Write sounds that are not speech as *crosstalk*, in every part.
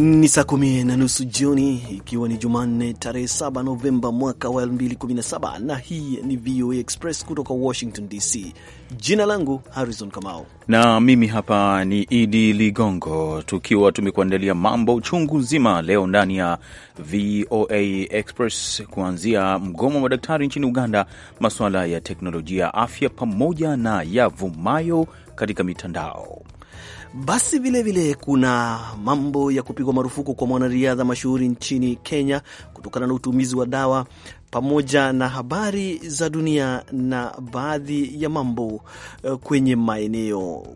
Ni saa kumi na nusu jioni ikiwa ni Jumanne tarehe 7 Novemba mwaka wa 2017 na hii ni VOA Express kutoka Washington DC. Jina langu Harrison Kamau na mimi hapa ni Idi Ligongo, tukiwa tumekuandalia mambo chungu nzima leo ndani ya VOA Express, kuanzia mgomo wa madaktari nchini Uganda, masuala ya teknolojia ya afya, pamoja na yavumayo katika mitandao. Basi vilevile vile kuna mambo ya kupigwa marufuku kwa mwanariadha mashuhuri nchini Kenya kutokana na utumizi wa dawa, pamoja na habari za dunia na baadhi ya mambo eh, kwenye maeneo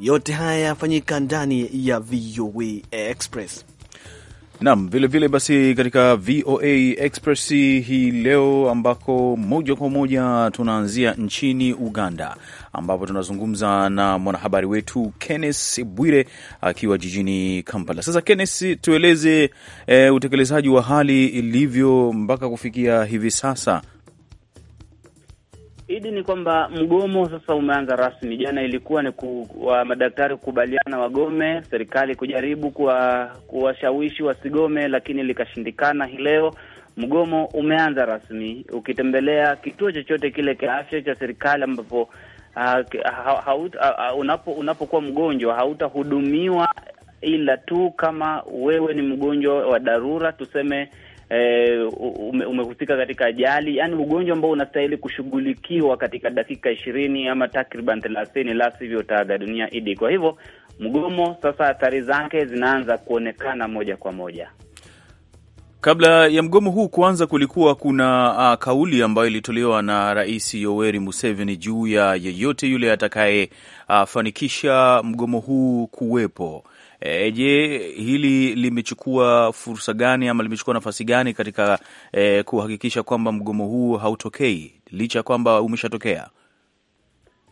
yote. Haya yafanyika ndani ya VOA Express nam vilevile basi katika VOA Express hii leo, ambako moja kwa moja tunaanzia nchini Uganda, ambapo tunazungumza na mwanahabari wetu Kennes Bwire akiwa jijini Kampala. Sasa Kennes, tueleze e, utekelezaji wa hali ilivyo mpaka kufikia hivi sasa Idi ni kwamba mgomo sasa umeanza rasmi. Jana ilikuwa ni ku, wa madaktari kukubaliana wagome, serikali kujaribu kuwashawishi wasigome, lakini likashindikana. Hii leo mgomo umeanza rasmi. Ukitembelea kituo chochote kile kia afya cha serikali ambapo ah, ha, ha, ha, ah, ah, unapo unapokuwa mgonjwa hautahudumiwa ila tu kama wewe ni mgonjwa wa dharura tuseme eh, ume, umehusika katika ajali, yani ugonjwa ambao unastahili kushughulikiwa katika dakika ishirini ama takriban thelathini, la sivyo utaaga dunia Idi. Kwa hivyo mgomo sasa, athari zake zinaanza kuonekana moja kwa moja. Kabla ya mgomo huu kuanza, kulikuwa kuna uh, kauli ambayo ilitolewa na Rais Yoweri Museveni juu ya yeyote yule atakayefanikisha uh, mgomo huu kuwepo E, je, hili limechukua fursa gani ama limechukua nafasi gani katika e, kuhakikisha kwamba mgomo huu hautokei licha ya kwamba umeshatokea?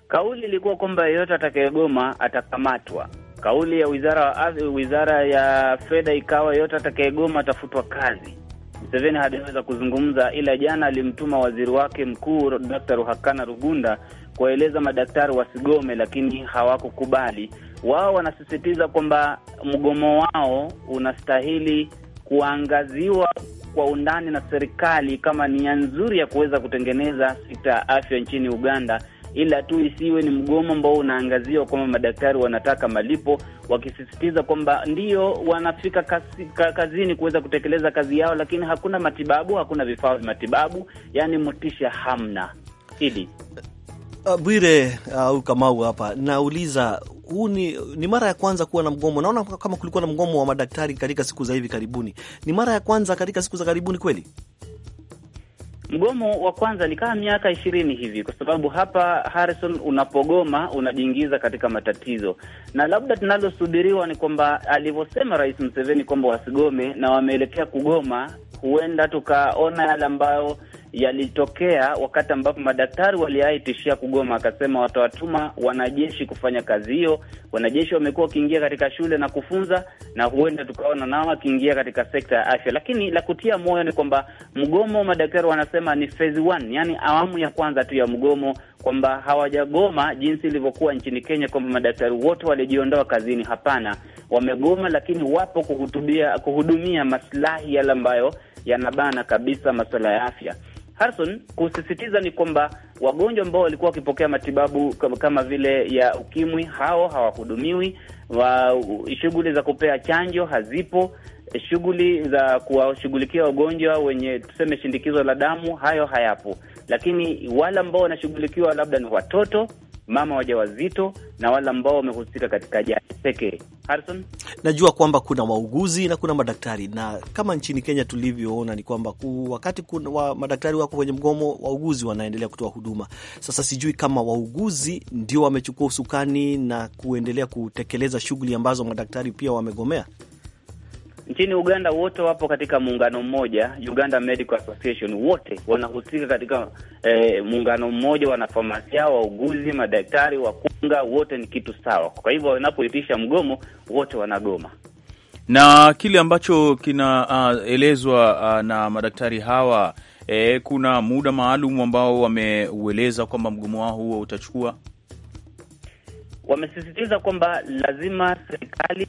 Kauli ilikuwa kwamba yeyote atakayegoma atakamatwa. Kauli ya wizara wizara ya fedha ikawa yeyote atakayegoma atafutwa kazi. Museveni hajaweza kuzungumza, ila jana alimtuma waziri wake mkuu Dr. Ruhakana Rugunda kuwaeleza madaktari wasigome, lakini hawakukubali wao wanasisitiza kwamba mgomo wao unastahili kuangaziwa kwa undani na serikali kama nia nzuri ya kuweza kutengeneza sekta ya afya nchini Uganda, ila tu isiwe ni mgomo ambao unaangaziwa kwamba madaktari wanataka malipo, wakisisitiza kwamba ndio wanafika kazi, kazini kuweza kutekeleza kazi yao, lakini hakuna matibabu, hakuna vifaa vya matibabu, yaani motisha hamna. Hili Uh, Bwire uh, au uh, Kamau hapa nauliza, huu ni, ni mara ya kwanza kuwa na mgomo. Naona kama kulikuwa na mgomo wa madaktari katika siku za hivi karibuni. Ni mara ya kwanza katika siku za karibuni kweli? Mgomo wa kwanza ni kama miaka ishirini hivi, kwa sababu hapa Harrison, unapogoma unajiingiza katika matatizo, na labda tunalosubiriwa ni kwamba alivyosema Rais Museveni kwamba wasigome na wameelekea kugoma, huenda tukaona yale ambayo yalitokea wakati ambapo madaktari waliaitishia kugoma, akasema watawatuma wanajeshi kufanya kazi hiyo. Wanajeshi wamekuwa wakiingia katika shule na kufunza, na huenda tukaona nao wakiingia katika sekta ya afya. Lakini la kutia moyo ni kwamba mgomo, madaktari wanasema ni phase one, yani awamu ya kwanza tu ya mgomo, kwamba hawajagoma jinsi ilivyokuwa nchini Kenya kwamba madaktari wote walijiondoa kazini. Hapana, wamegoma, lakini wapo kuhutubia, kuhudumia maslahi yale ambayo yanabana kabisa masuala ya afya. Harrison, kusisitiza ni kwamba wagonjwa ambao walikuwa wakipokea matibabu kama vile ya ukimwi hao hawahudumiwi, shughuli za kupea chanjo hazipo, shughuli za kuwashughulikia wagonjwa wenye tuseme shindikizo la damu hayo hayapo, lakini wale ambao wanashughulikiwa labda ni watoto mama wajawazito na wale ambao wamehusika katika ajali pekee. Harrison, najua kwamba kuna wauguzi na kuna madaktari, na kama nchini Kenya tulivyoona ni kwamba wakati kuna wa madaktari wako kwenye mgomo, wauguzi wanaendelea kutoa huduma. Sasa sijui kama wauguzi ndio wamechukua usukani na kuendelea kutekeleza shughuli ambazo madaktari pia wamegomea. Nchini Uganda wote wapo katika muungano mmoja, Uganda Medical Association, wote wanahusika katika eh, muungano mmoja, wanafamasia, wauguzi, madaktari, wakunga, wote ni kitu sawa. Kwa hivyo wanapoitisha mgomo, wote wanagoma na kile ambacho kinaelezwa ah, uh, ah, uh, na madaktari hawa eh, kuna muda maalum ambao wameueleza kwamba mgomo wao huo utachukua. Wamesisitiza kwamba lazima serikali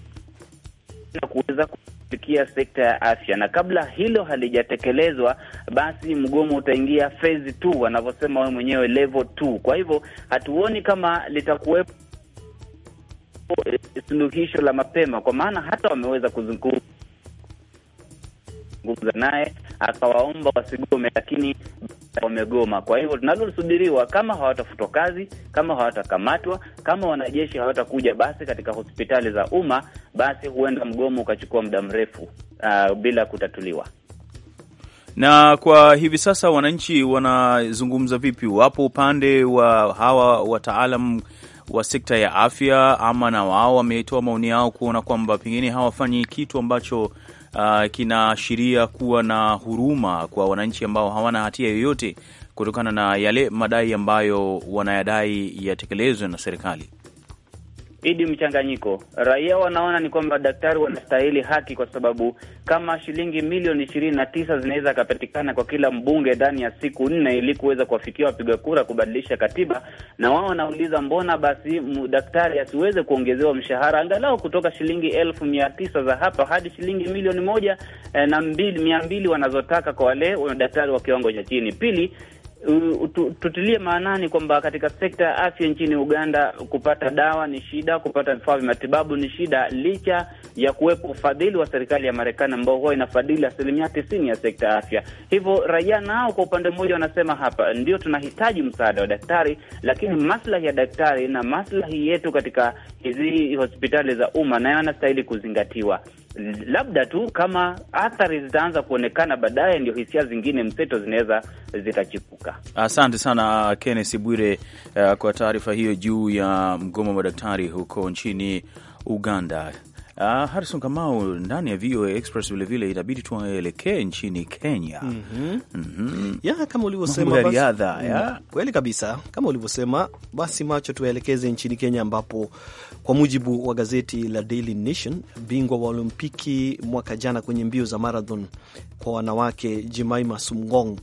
na kuweza kufikia sekta ya afya, na kabla hilo halijatekelezwa, basi mgomo utaingia phase two, wanavyosema wewe mwenyewe level two. Kwa hivyo hatuoni kama litakuwepo suluhisho la mapema, kwa maana hata wameweza kuzungumza kuzungumza naye, akawaomba wasigome, lakini wamegoma. Kwa hivyo tunalosubiriwa, kama hawatafutwa kazi, kama hawatakamatwa, kama wanajeshi hawatakuja basi katika hospitali za umma, basi huenda mgomo ukachukua muda mrefu uh, bila kutatuliwa. Na kwa hivi sasa wananchi wanazungumza vipi? Wapo upande wa hawa wataalam wa sekta ya afya, ama na wao wametoa maoni yao kuona kwamba pengine hawafanyi kitu ambacho uh, kinaashiria kuwa na huruma kwa wananchi ambao hawana hatia yoyote kutokana na yale madai ambayo wanayadai yatekelezwe na serikali. Idi mchanganyiko. Raia wanaona ni kwamba daktari wanastahili haki, kwa sababu kama shilingi milioni ishirini na tisa zinaweza akapatikana kwa kila mbunge ndani ya siku nne ili kuweza kuwafikia wapiga kura kubadilisha katiba, na wao wanauliza mbona basi daktari asiweze kuongezewa mshahara angalau kutoka shilingi elfu mia tisa za hapa hadi shilingi milioni moja eh, na mbili mia mbili wanazotaka kwa wale daktari wa kiwango cha chini. Pili, tutilie maanani kwamba katika sekta ya afya nchini Uganda kupata dawa ni shida, kupata vifaa vya matibabu ni shida, licha ya kuwepo ufadhili wa serikali ya Marekani ambao huwa inafadhili asilimia tisini ya sekta ya afya. Hivyo raia nao kwa upande mmoja wanasema hapa ndio tunahitaji msaada wa daktari, lakini maslahi ya daktari na maslahi yetu katika hizi hospitali za umma nayo yanastahili kuzingatiwa labda tu kama athari zitaanza kuonekana baadaye, ndio hisia zingine mseto zinaweza zikachipuka. Asante sana Kennes Bwire uh, kwa taarifa hiyo juu ya mgomo wa madaktari huko nchini Uganda. Uh, Harrison Kamau ndani ya VOA Express vilevile inabidi tuelekee nchini Kenya. mm -hmm. Mm -hmm. Ya, kama ulivyosema riadha mm, kweli kabisa, kama ulivyosema basi macho tuelekeze nchini Kenya ambapo kwa mujibu wa gazeti la Daily Nation, bingwa wa Olimpiki mwaka jana kwenye mbio za marathon kwa wanawake Jemima Sumgong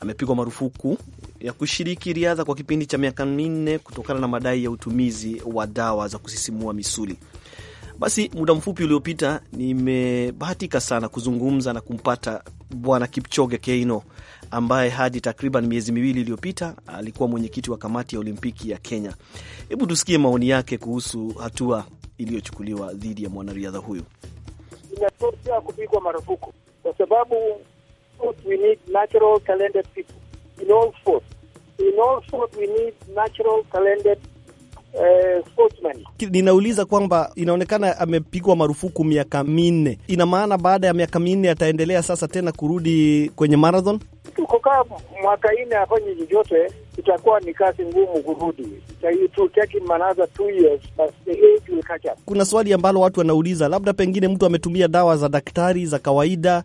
amepigwa marufuku ya kushiriki riadha kwa kipindi cha miaka minne kutokana na madai ya utumizi wa dawa za kusisimua misuli. Basi muda mfupi uliopita nimebahatika sana kuzungumza na kumpata Bwana Kipchoge Keino ambaye hadi takriban miezi miwili iliyopita alikuwa mwenyekiti wa kamati ya Olimpiki ya Kenya. Hebu tusikie maoni yake kuhusu hatua iliyochukuliwa dhidi ya mwanariadha huyu. Inatosha kupigwa marufuku kwa sababu we need natural talented people in all sports. In all sports we need natural talented eh, sportsman. Ninauliza kwamba inaonekana amepigwa marufuku miaka minne, ina maana baada ya miaka minne ataendelea sasa tena kurudi kwenye marathon? Kukaa mwaka nne afanye chochote itakuwa ni kazi ngumu kurudi. Kuna swali ambalo watu wanauliza, labda pengine mtu ametumia dawa za daktari za kawaida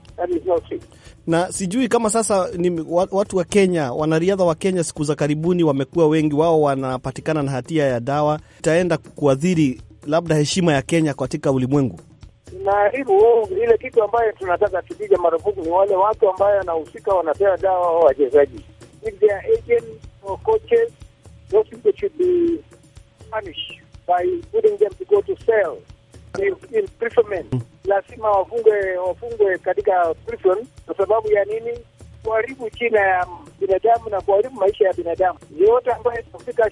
na sijui kama sasa ni watu wa Kenya, wanariadha wa Kenya siku za karibuni wamekuwa wengi wao wanapatikana na hatia ya dawa, itaenda kuadhiri labda heshima ya Kenya katika ulimwengu. Na hivyo ile kitu ambayo tunataka tupige marufuku ni wale watu ambayo wanahusika, wanapewa dawa au wachezaji imprisonment, lazima wafungwe wafungwe katika prison. Kwa sababu ya nini? Kuharibu jina ya binadamu na kuharibu maisha ya binadamu. Yeyote ambaye kufika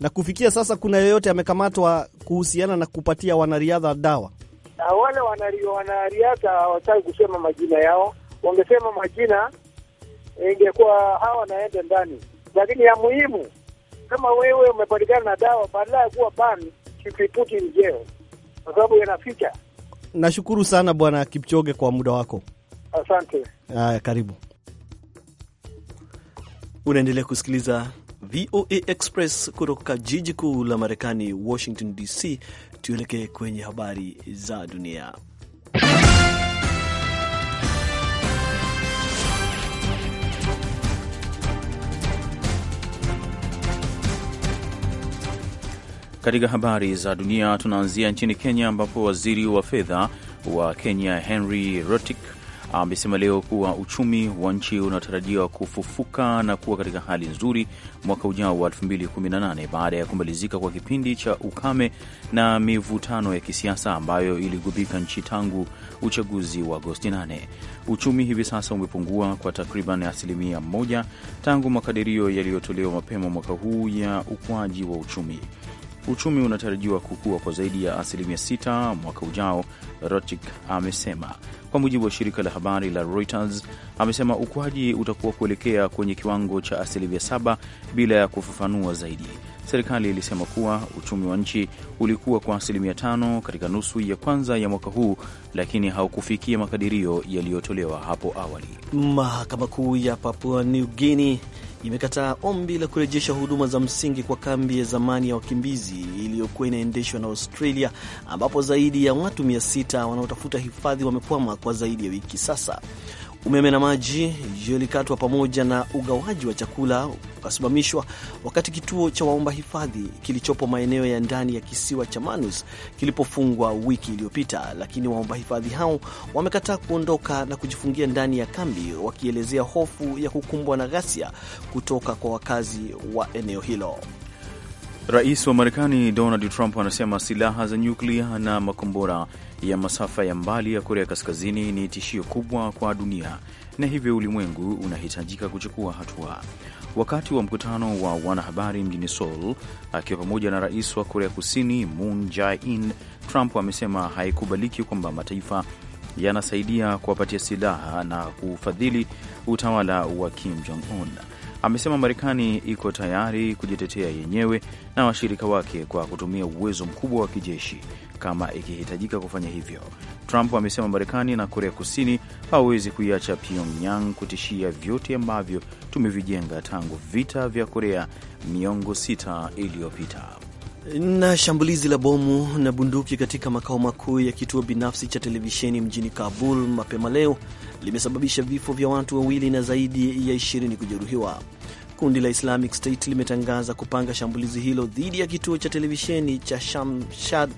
Na kufikia sasa kuna yeyote amekamatwa kuhusiana na kupatia wanariadha dawa? Na wale wanariadha hawataki kusema majina yao, wangesema majina ingekuwa hawa wanaenda ndani, lakini ya muhimu kama wewe umepatikana na dawa badala ya kuwa ban kipiputi njeo, kwa sababu yanaficha. Nashukuru sana Bwana Kipchoge kwa muda wako, asante. Haya, karibu. Unaendelea kusikiliza VOA Express kutoka jiji kuu la Marekani, Washington DC. Tuelekee kwenye habari za dunia. Katika habari za dunia, tunaanzia nchini Kenya ambapo waziri wa fedha wa Kenya Henry Rotich amesema leo kuwa uchumi wa nchi unatarajiwa kufufuka na kuwa katika hali nzuri mwaka ujao wa 2018 baada ya kumalizika kwa kipindi cha ukame na mivutano ya kisiasa ambayo iligubika nchi tangu uchaguzi wa Agosti 8. Uchumi hivi sasa umepungua kwa takriban asilimia moja tangu makadirio yaliyotolewa mapema mwaka huu ya ukuaji wa uchumi. Uchumi unatarajiwa kukua kwa zaidi ya asilimia 6 mwaka ujao, Rochik amesema. Kwa mujibu wa shirika la habari la Reuters, amesema ukuaji utakuwa kuelekea kwenye kiwango cha asilimia saba bila ya kufafanua zaidi. Serikali ilisema kuwa uchumi wa nchi ulikuwa kwa asilimia tano katika nusu ya kwanza ya mwaka huu, lakini haukufikia makadirio yaliyotolewa hapo awali. Mahakama Kuu ya Papua New Guinea imekataa ombi la kurejesha huduma za msingi kwa kambi ya zamani ya wakimbizi iliyokuwa inaendeshwa na Australia, ambapo zaidi ya watu 600 wanaotafuta hifadhi wamekwama kwa zaidi ya wiki sasa. Umeme na maji yalikatwa pamoja na ugawaji wa chakula ukasimamishwa, wakati kituo cha waomba hifadhi kilichopo maeneo ya ndani ya kisiwa cha Manus kilipofungwa wiki iliyopita, lakini waomba hifadhi hao wamekataa kuondoka na kujifungia ndani ya kambi, wakielezea hofu ya kukumbwa na ghasia kutoka kwa wakazi wa eneo hilo. Rais wa Marekani Donald Trump anasema silaha za nyuklia na makombora ya masafa ya mbali ya Korea Kaskazini ni tishio kubwa kwa dunia na hivyo ulimwengu unahitajika kuchukua hatua. Wakati wa mkutano wa wanahabari mjini Seoul akiwa pamoja na rais wa Korea Kusini Moon Jae-in, Trump amesema haikubaliki kwamba mataifa yanasaidia kuwapatia silaha na kufadhili utawala wa Kim Jong Un. Amesema Marekani iko tayari kujitetea yenyewe na washirika wake kwa kutumia uwezo mkubwa wa kijeshi kama ikihitajika kufanya hivyo. Trump amesema Marekani na Korea Kusini hawawezi kuiacha Pyongyang kutishia vyote ambavyo tumevijenga tangu vita vya Korea miongo sita iliyopita. Na shambulizi la bomu na bunduki katika makao makuu ya kituo binafsi cha televisheni mjini Kabul mapema leo limesababisha vifo vya watu wawili na zaidi ya ishirini kujeruhiwa. Kundi la Islamic State limetangaza kupanga shambulizi hilo dhidi ya kituo cha televisheni cha Shamshad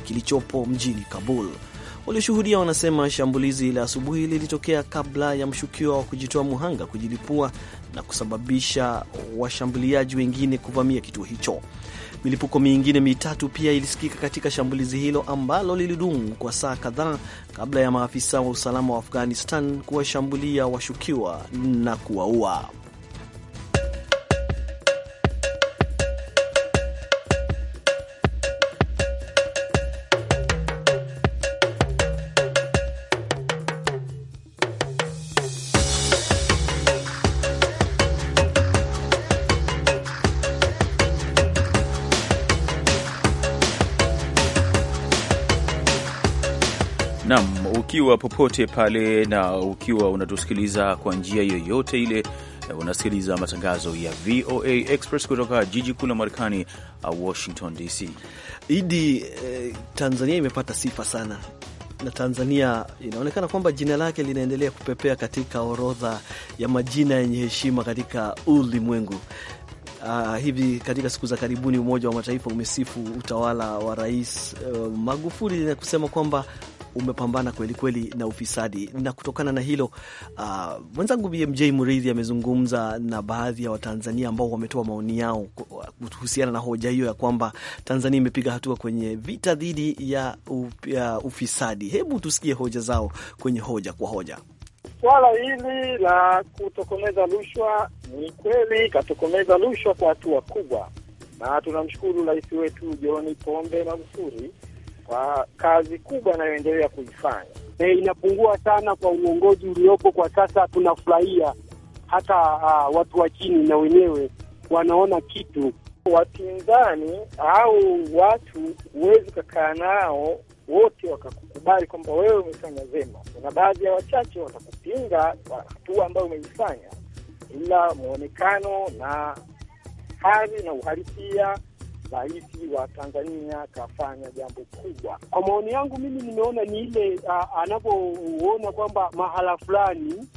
kilichopo mjini Kabul. Walioshuhudia wanasema shambulizi la asubuhi lilitokea kabla ya mshukiwa wa kujitoa muhanga kujilipua na kusababisha washambuliaji wengine kuvamia kituo hicho. Milipuko mingine mitatu pia ilisikika katika shambulizi hilo ambalo lilidumu kwa saa kadhaa kabla ya maafisa wa usalama wa Afghanistan kuwashambulia washukiwa na kuwaua. ukiwa popote pale na ukiwa unatusikiliza kwa njia yoyote ile, eh, unasikiliza matangazo ya VOA Express kutoka jiji kuu la Marekani, uh, Washington DC. Idi, eh, Tanzania imepata sifa sana na Tanzania inaonekana kwamba jina lake linaendelea kupepea katika orodha ya majina yenye heshima katika ulimwengu. Uh, hivi katika siku za karibuni Umoja wa Mataifa umesifu utawala wa Rais uh, Magufuli na kusema kwamba umepambana kwelikweli kweli na ufisadi. Na kutokana na hilo uh, mwenzangu BMJ Murithi amezungumza na baadhi ya Watanzania ambao wametoa maoni yao kuhusiana na hoja hiyo ya kwamba Tanzania imepiga hatua kwenye vita dhidi ya, ya ufisadi. Hebu tusikie hoja zao kwenye hoja kwa hoja. Swala hili la kutokomeza rushwa ni kweli ikatokomeza rushwa kwa hatua kubwa, na tunamshukuru rais wetu John Pombe Magufuli kwa kazi kubwa anayoendelea kuifanya. E, inapungua sana kwa uongozi uliopo kwa sasa. Tunafurahia hata uh, watu wa chini na wenyewe wanaona kitu. Wapinzani au watu huwezi ukakaa nao wote wakakukubali kwamba wewe umefanya vema. Kuna baadhi ya wachache watakupinga kwa hatua ambayo umeifanya, ila mwonekano na hali na uhalisia rais wa Tanzania akafanya jambo kubwa. Kwa maoni yangu mimi nimeona ni ile anavyoona kwamba mahala fulani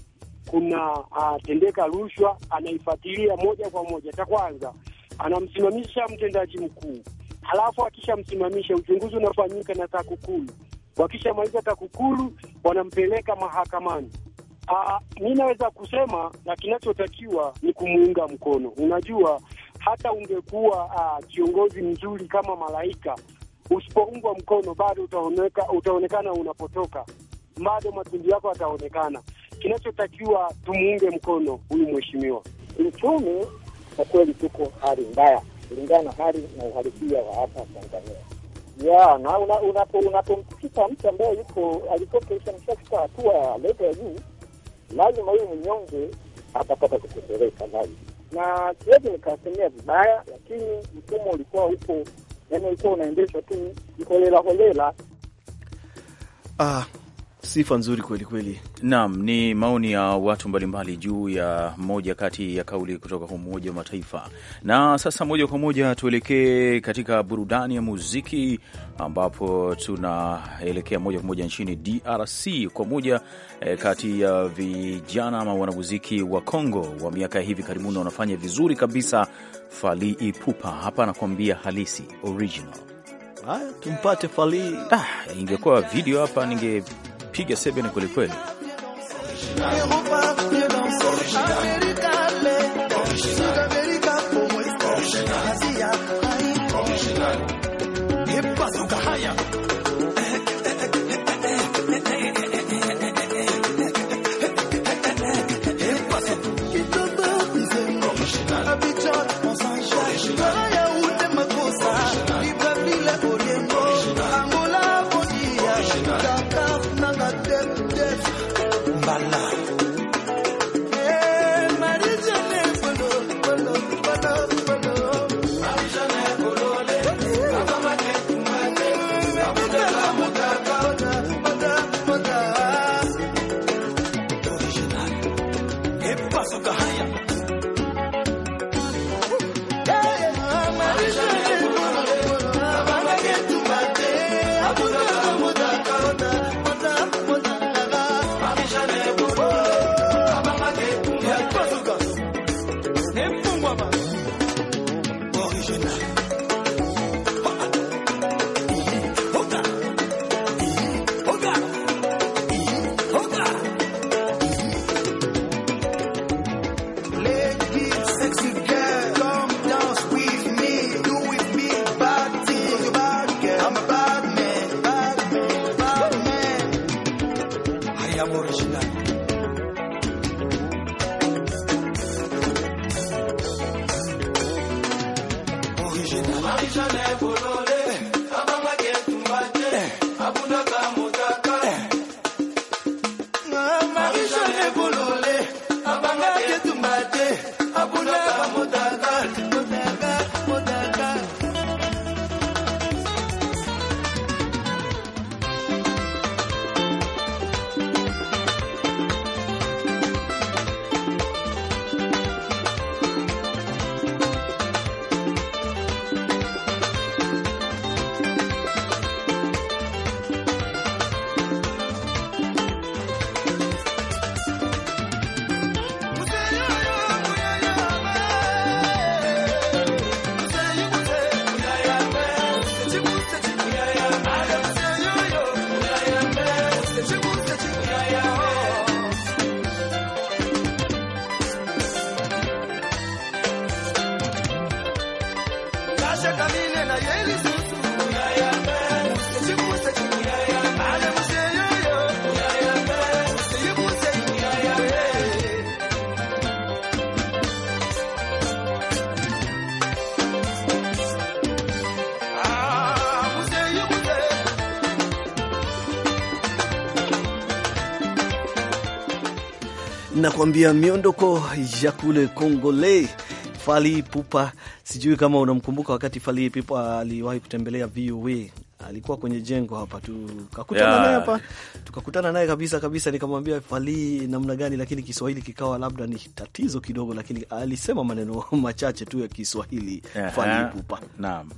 kuna tendeka rushwa, anaifuatilia moja kwa moja. Cha kwanza anamsimamisha mtendaji mkuu, halafu akishamsimamisha uchunguzi unafanyika na TAKUKULU. Wakishamaliza TAKUKULU wanampeleka mahakamani. Mi naweza kusema na kinachotakiwa ni kumuunga mkono. Unajua, hata ungekuwa uh, kiongozi mzuri kama malaika, usipoungwa mkono bado utaoneka, utaonekana unapotoka, bado matundu yako ataonekana Kinachotakiwa tumuunge mkono huyu mheshimiwa. uchumi kwa kweli tuko hali mbaya, kulingana na hali na uhalisia wa hapa Tanzania ya na unapomtikisa mtu ambaye yuko alikokeisha mshafika hatua ya levo ya juu, lazima huyu mnyonge atapata kutendeleka nayo na siwezi nikasemea vibaya, lakini mfumo ulikuwa upo, yani ulikuwa unaendeshwa tu holela Ah, sifa nzuri kweli kweli. Naam, ni maoni ya watu mbalimbali juu ya moja kati ya kauli kutoka kwa Umoja wa Mataifa. Na sasa moja kwa moja tuelekee katika burudani ya muziki, ambapo tunaelekea moja kwa moja nchini DRC kwa moja eh, kati ya vijana ama wanamuziki wa Kongo wa miaka hivi karibuni wanafanya vizuri kabisa. falii Ipupa hapa anakuambia halisi original. Haya, tumpate Fally. Ah, ingekuwa video hapa ninge anapiga sebene kwelikweli. nakwambia miondoko ya kule Kongole. Fali Pupa. sijui kama unamkumbuka, wakati Fali Ipupa aliwahi kutembelea VOA alikuwa kwenye jengo hapa tukakutana yeah, naye hapa tukakutana naye kabisa kabisa, nikamwambia Fali namna gani, lakini Kiswahili kikawa labda ni tatizo kidogo, lakini alisema maneno *laughs* machache tu ya Kiswahili yeah, Fali Pupa. Naam,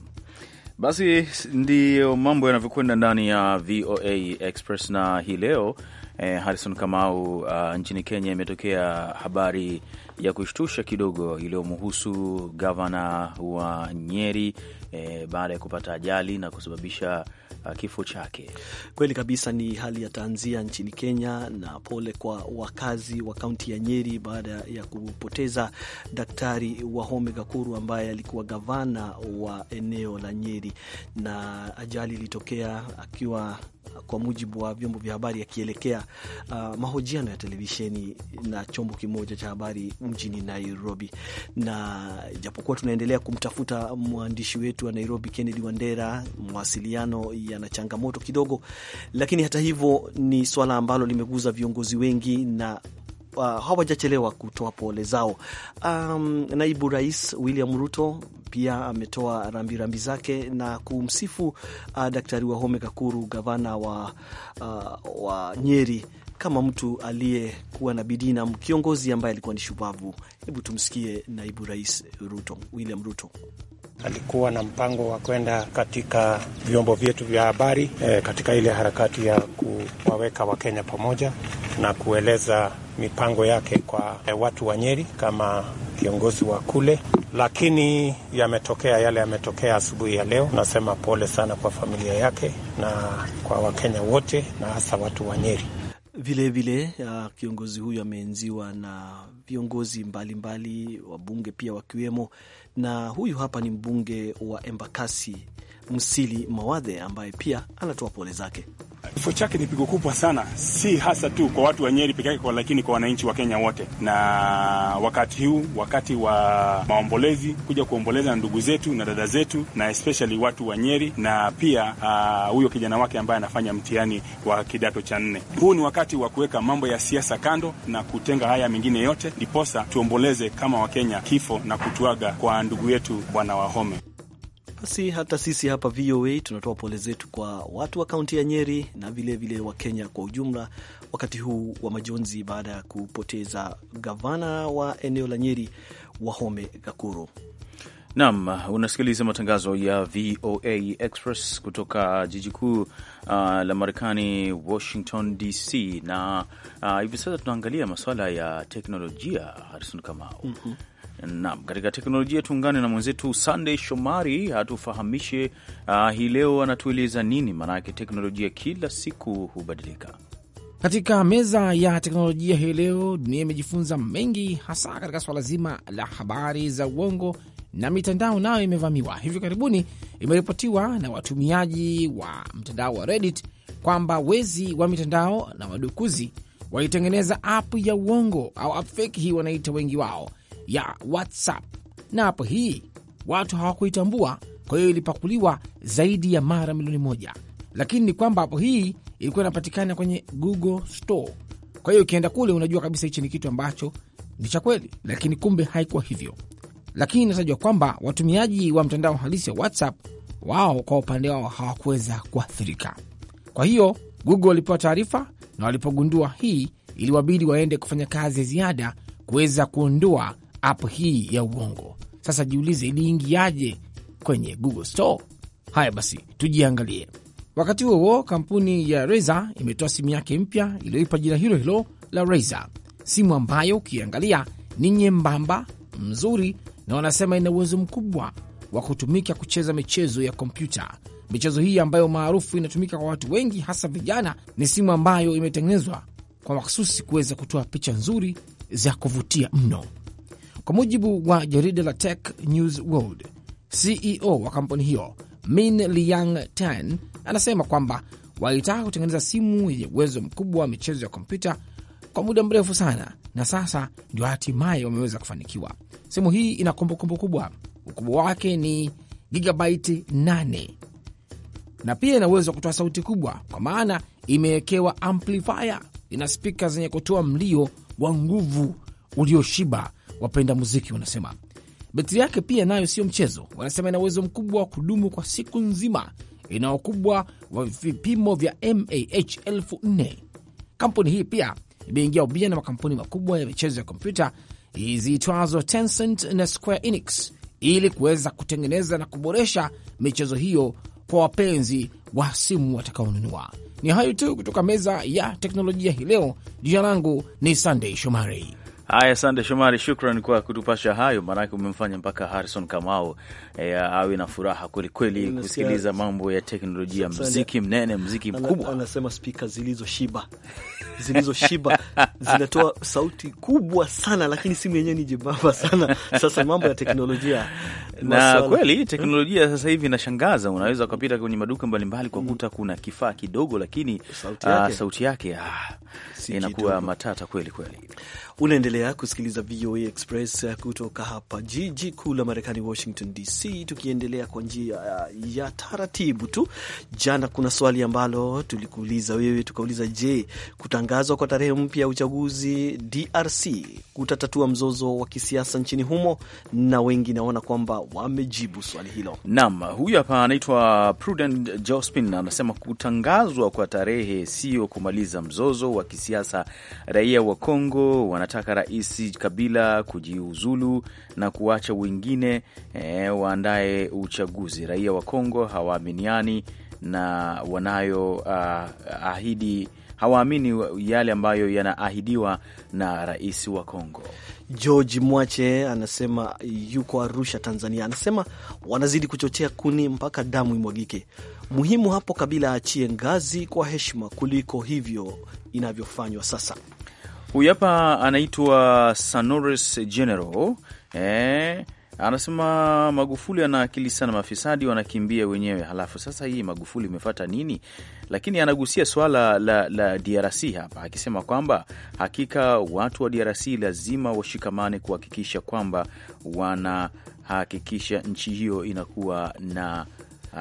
basi ndiyo mambo yanavyokwenda ndani ya VOA Express na hii leo eh, Harrison Kamau, uh, nchini Kenya imetokea habari ya kushtusha kidogo iliyomhusu gavana wa Nyeri eh, baada ya kupata ajali na kusababisha uh, kifo chake. Kweli kabisa, ni hali ya tanzia nchini Kenya, na pole kwa wakazi wa kaunti ya Nyeri baada ya kupoteza Daktari Wahome Gakuru ambaye alikuwa gavana wa eneo la Nyeri, na ajali ilitokea akiwa kwa mujibu wa vyombo vya habari, akielekea uh, mahojiano ya televisheni na chombo kimoja cha habari mjini Nairobi. Na japokuwa tunaendelea kumtafuta mwandishi wetu wa Nairobi Kennedy Wandera, mawasiliano yana changamoto kidogo, lakini hata hivyo ni swala ambalo limeguza viongozi wengi na uh, hawajachelewa kutoa pole zao. Um, naibu rais William Ruto pia ametoa rambirambi zake na kumsifu uh, Daktari Wahome Kakuru, gavana wa, uh, wa Nyeri kama mtu aliyekuwa na bidii na kiongozi ambaye alikuwa ni shupavu. Hebu tumsikie naibu rais Ruto, William Ruto alikuwa na mpango wa kwenda katika vyombo vyetu vya habari e, katika ile harakati ya kuwaweka Wakenya pamoja na kueleza mipango yake kwa e, watu wa Nyeri kama kiongozi wa kule, lakini yametokea yale yametokea asubuhi ya leo. Nasema pole sana kwa familia yake na kwa Wakenya wote na hasa watu wa Nyeri. Vilevile vile, kiongozi huyu ameenziwa na viongozi mbalimbali wabunge pia wakiwemo, na huyu hapa ni mbunge wa Embakasi Msili Mawadhe ambaye pia anatoa pole zake. Kifo chake ni pigo kubwa sana, si hasa tu kwa watu wa Nyeri peke yake, lakini kwa wananchi wa Kenya wote. Na wakati huu, wakati wa maombolezi, kuja kuomboleza na ndugu zetu na dada zetu, na especially watu wa Nyeri, na pia ah, huyo uh, kijana wake ambaye anafanya mtihani wa kidato cha nne. Huu ni wakati wa kuweka mambo ya siasa kando na kutenga haya mengine yote, ndiposa tuomboleze kama Wakenya kifo na kutuaga kwa ndugu yetu Bwana Wahome. Basi hata sisi hapa VOA tunatoa pole zetu kwa watu wa kaunti ya Nyeri na vilevile wa Kenya kwa ujumla, wakati huu wa majonzi baada ya kupoteza gavana wa eneo la Nyeri Wahome Gakuru. Naam, unasikiliza matangazo ya VOA Express kutoka jiji kuu uh, la Marekani, Washington DC, na uh, hivi sasa tunaangalia masuala ya teknolojia. Harison Kamau. mm -hmm. Naam, katika teknolojia tuungane na mwenzetu Sunday Shomari atufahamishe uh, hii leo anatueleza nini, maanake teknolojia kila siku hubadilika. Katika meza ya teknolojia hii leo, dunia imejifunza mengi, hasa katika swala zima la habari za uongo na mitandao nayo imevamiwa. Hivi karibuni imeripotiwa na watumiaji wa mtandao wa Reddit kwamba wezi wa mitandao na wadukuzi walitengeneza app ya uongo au app fake, hii wanaita wengi wao, ya WhatsApp, na app hii watu hawakuitambua, kwa hiyo ilipakuliwa zaidi ya mara milioni moja. Lakini ni kwamba app hii ilikuwa inapatikana kwenye Google Store, kwa hiyo ukienda kule unajua kabisa hichi ni kitu ambacho ni cha kweli, lakini kumbe haikuwa hivyo lakini inatajwa kwamba watumiaji wa mtandao halisi wa WhatsApp wao kwa upande wao hawakuweza kuathirika. Kwa hiyo Google walipewa taarifa, na walipogundua hii iliwabidi waende kufanya kazi ya ziada kuweza kuondoa app hii ya uongo. Sasa jiulize, iliingiaje kwenye Google Store? Haya basi, tujiangalie. Wakati huo huo, kampuni ya Razer imetoa simu yake mpya iliyoipa jina hilo hilo la Razer, simu ambayo ukiangalia ni nyembamba mzuri na wanasema ina uwezo mkubwa wa kutumika kucheza michezo ya kompyuta. Michezo hii ambayo maarufu inatumika kwa watu wengi, hasa vijana, ni simu ambayo imetengenezwa kwa makhususi kuweza kutoa picha nzuri za kuvutia mno. Kwa mujibu wa jarida la Tech News World, CEO wa kampuni hiyo Min Liang Tan anasema kwamba walitaka kutengeneza simu yenye uwezo mkubwa wa michezo ya kompyuta kwa muda mrefu sana, na sasa ndio hatimaye wameweza kufanikiwa. Simu hii ina kumbukumbu kubwa, ukubwa wake ni gigabaiti 8 na pia ina uwezo wa kutoa sauti kubwa, kwa maana imewekewa amplifier. Ina spika zenye kutoa mlio wa nguvu ulioshiba, wapenda muziki wanasema. Betri yake pia nayo sio mchezo, wanasema ina uwezo mkubwa wa kudumu kwa siku nzima. Ina ukubwa wa vipimo vya mAh elfu nne. Kampuni hii pia imeingia ubia na makampuni makubwa ya michezo ya kompyuta ziitwazo Tencent na Square Enix ili kuweza kutengeneza na kuboresha michezo hiyo kwa wapenzi wa simu watakaonunua. Ni hayo tu kutoka meza ya teknolojia hii leo. Jina langu ni sandey Shomari. Haya, sande Shomari, shukran kwa kutupasha hayo, maanake umemfanya mpaka harison Kamau e, awe na furaha kwelikweli kusikiliza mambo ya teknolojia, mziki mnene, mziki mkubwa. Anasema spika zilizoshiba *laughs* zilizoshiba zinatoa sauti kubwa sana, lakini simu yenyewe ni jembamba sana. Sasa mambo ya teknolojia na kweli hmm? teknolojia hmm. sasa hivi inashangaza. Unaweza ukapita kwenye maduka mbalimbali kwa kuta kuna kifaa kidogo, lakini sauti ah, yake, uh, sauti yake uh, matata kweli kweli. Unaendelea kusikiliza VOA Express ah, kutoka hapa jiji kuu la Marekani, Washington DC, tukiendelea kwa njia ya taratibu tu. Jana kuna swali ambalo tulikuuliza wewe, tukauliza, je, kutangazwa kwa tarehe mpya ya uchaguzi DRC kutatatua mzozo wa kisiasa nchini humo? Na wengi naona kwamba wamejibu swali hilo. Naam, huyu hapa anaitwa Prudent Jospin anasema kutangazwa kwa tarehe sio kumaliza mzozo wa kisiasa. Raia wa Kongo wanataka Rais Kabila kujiuzulu na kuacha wengine e, waandaye uchaguzi. Raia wa Kongo hawaaminiani na wanayoahidi ah, uh, hawaamini yale ambayo yanaahidiwa na rais wa Kongo. George Mwache anasema yuko Arusha, Tanzania, anasema wanazidi kuchochea kuni mpaka damu imwagike. Muhimu hapo Kabila achie ngazi kwa heshima kuliko hivyo inavyofanywa sasa. Huyu hapa anaitwa Sanores General eh, Anasema Magufuli ana akili sana, mafisadi wanakimbia wenyewe. Halafu sasa hii Magufuli imefata nini? Lakini anagusia swala la, la DRC hapa akisema kwamba hakika watu wa DRC lazima washikamane kuhakikisha kwamba wanahakikisha nchi hiyo inakuwa na uh,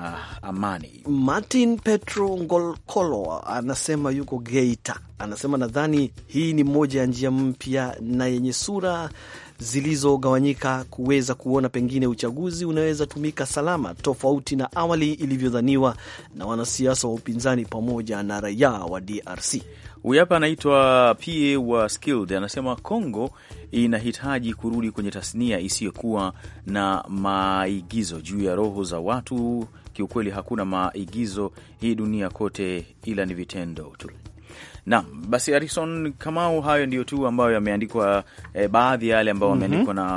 amani. Martin Petro Ngolkolo anasema yuko Geita, anasema nadhani hii ni moja ya njia mpya na yenye sura zilizogawanyika kuweza kuona pengine uchaguzi unaweza tumika salama tofauti na awali ilivyodhaniwa na wanasiasa wa upinzani pamoja na raia wa DRC. Huyu hapa anaitwa pa wa Skilled, anasema Kongo inahitaji kurudi kwenye tasnia isiyokuwa na maigizo juu ya roho za watu. Kiukweli hakuna maigizo hii dunia kote, ila ni vitendo tu. Naam, basi harison Kamau, hayo ndio tu ambayo yameandikwa, eh, baadhi ya yale ambayo wameandikwa mhm. mm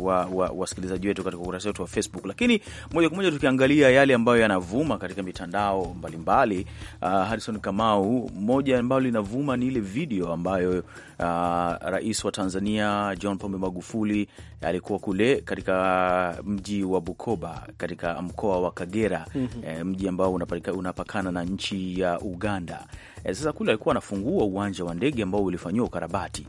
-hmm. na wasikilizaji wa, wa, wa wetu katika ukurasa wetu wa Facebook. Lakini moja kwa moja tukiangalia yale ambayo yanavuma katika mitandao mbalimbali, uh, ah, Harison Kamau, moja ambayo linavuma ni ile video ambayo uh, rais wa Tanzania John Pombe Magufuli alikuwa kule katika mji wa Bukoba katika mkoa wa Kagera mm -hmm. mji ambao unapakana na nchi ya Uganda. Eh, sasa kule alikuwa anafungua uwanja wa ndege ambao ulifanyiwa ukarabati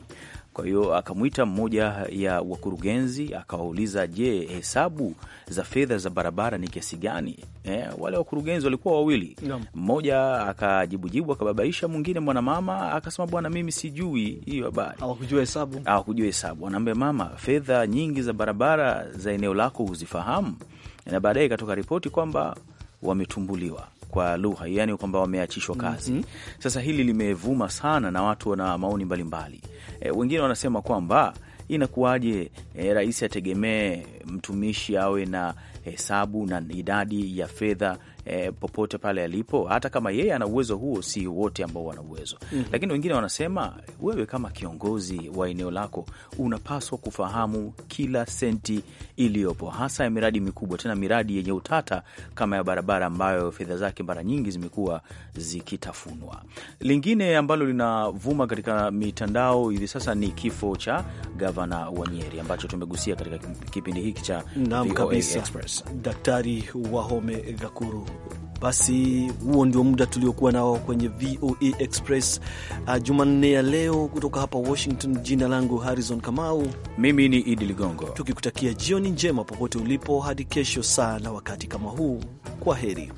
kwa hiyo akamwita mmoja ya wakurugenzi akawauliza, je, hesabu za fedha za barabara ni kiasi gani? Eh, wale wakurugenzi walikuwa wawili Mmoja akajibujibu akababaisha, mwingine mwanamama akasema, bwana, mimi sijui hiyo habari, hawakujua hesabu, hawakujua hesabu. Anaambia mama, fedha nyingi za barabara za eneo lako huzifahamu, na baadaye ikatoka ripoti kwamba wametumbuliwa kwa lugha yani, kwamba wameachishwa kazi. mm -hmm. Sasa hili limevuma sana na watu wana maoni mbalimbali mbali e, wengine wanasema kwamba inakuwaje e, rais ategemee mtumishi awe na hesabu na idadi ya fedha eh, popote pale alipo, hata kama yeye ana uwezo huo, si wote ambao wana uwezo mm -hmm. Lakini wengine wanasema wewe kama kiongozi wa eneo lako unapaswa kufahamu kila senti iliyopo, hasa ya miradi mikubwa, tena miradi yenye utata kama ya barabara ambayo fedha zake mara nyingi zimekuwa zikitafunwa. Lingine ambalo linavuma katika mitandao hivi sasa ni kifo cha gavana Nyeri ambacho tumegusia katika kipindi hiki cha Express. Daktari Wahome Gakuru basi huo ndio muda tuliokuwa nao kwenye VOA Express uh, Jumanne ya leo, kutoka hapa Washington. Jina langu Harrison Kamau, mimi ni Idi Ligongo, tukikutakia jioni njema popote ulipo, hadi kesho saa na wakati kama huu. Kwa heri.